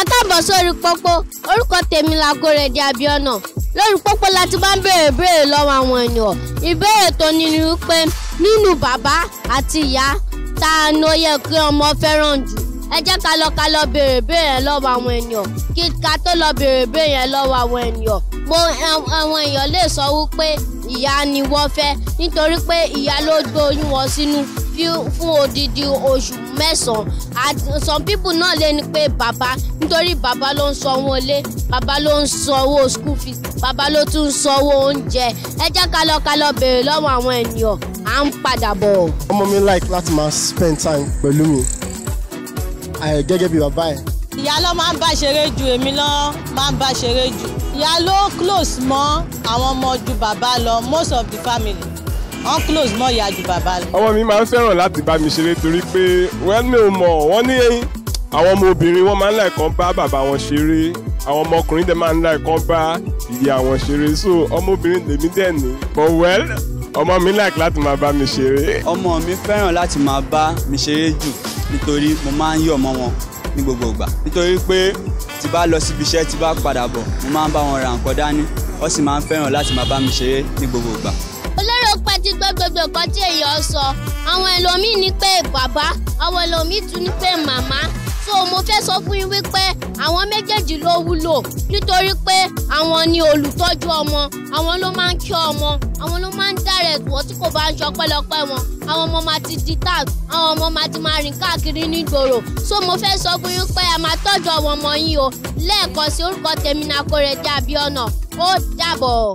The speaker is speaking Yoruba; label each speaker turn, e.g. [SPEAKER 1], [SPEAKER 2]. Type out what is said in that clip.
[SPEAKER 1] ẹ káàbọ̀ sórí pópó orúkọ tèmi Lágòrèdè Àbíọ́nà lórí pópó láti bá ń béèrè béèrè lọ́wọ́ àwọn ènìyàn ìbéèrè tó ní ni wípé nínú bàbá àti ìyá ta ni ó yẹ kí ọmọ fẹ́ràn jù ẹ jẹ́ ká lọ ká lọ béèrè béèrè yẹn lọ́wọ́ àwọn ènìyàn kí ká tó lọ béèrè béèrè yẹn lọ́wọ́ àwọn ènìyàn mo àwọn èèyàn lè sọ wípé ìyá ni wọ́n fẹ́ nítorí pé ìyá ló gbóyún wọn sínú fún odidi oṣù mẹ́sàn-án and some people náà lè ní pé bàbá nítorí bàbá ló ń sanwó ilé bàbá ló ń sanwó school fees bàbá ló tún ń sanwó oúnjẹ ẹ jẹ́ ká lọ ká lọ béèrè lọ́wọ́ àwọn ènìyàn à ń padà bọ̀. ọmọ mi like
[SPEAKER 2] láti máa spend time pẹ̀lú mi gẹ́gẹ́ bí bàbá ẹ̀.
[SPEAKER 3] ìyá ló máa ń bá ṣeré ju èmi ló máa ń bá ṣeré ju ìyá close mọ́ àwọn ọmọ ju bàbá lọ most of the family wọ́n close mọ́ ìyá ju bàbá lọ. ọmọ mi máa ń fẹ́ràn
[SPEAKER 4] láti bá mi ṣeré torí pé wọ́n ní o mọ̀ wọ́n ní àwọn ọmọ obìnrin wọn máa ń láìkan bá bàbá wọn ṣeré àwọn ọmọkùnrin dẹ̀ máa ń láìkan bá ìyá wọn ṣeré so ọmọbìnrin
[SPEAKER 2] lèmi dẹ̀ ní but well ọmọ mi like láti máa bá mi ṣeré. ọmọ mi fẹ́ràn láti máa bá mi ṣeré jù nítorí mo máa ń yọ̀ mọ́ wọn ní gbogbo ìgbà nítorí pé tí bá lọ síbi iṣẹ́ tí bá padà bọ̀ mo máa ń bá wọn ra nǹkan dání wọ́n sì máa ń fẹ́ràn láti máa bá mi ṣeré ní gbogbo ìgbà.
[SPEAKER 1] olóró pa ti gbọ́ gbogbo nǹkan tí èèyàn sọ àwọn ẹlòmíì ní pé bàbá àwọn ẹlòmíì tún ní pé màmá so mo fẹ́ sọ fún yín wípé àwọn méjèèjì ló wúlò nítorí pé àwọn ni olùtọ́jú ọmọ àwọn ló máa ń kí ọmọ àwọn ló máa ń d kò bá ń ṣọpẹ́lọpẹ́ wọn àwọn ọmọ máa ti di tag àwọn ọmọ máa ti máa rìn káàkiri nígboro so mo fẹ́ sọ fún yín pé a máa tọ́jú ọmọ yín o lẹ́ẹ̀kan sí orúkọ tèmi náà Kórèdé Abíọ́nà ó dàbọ̀.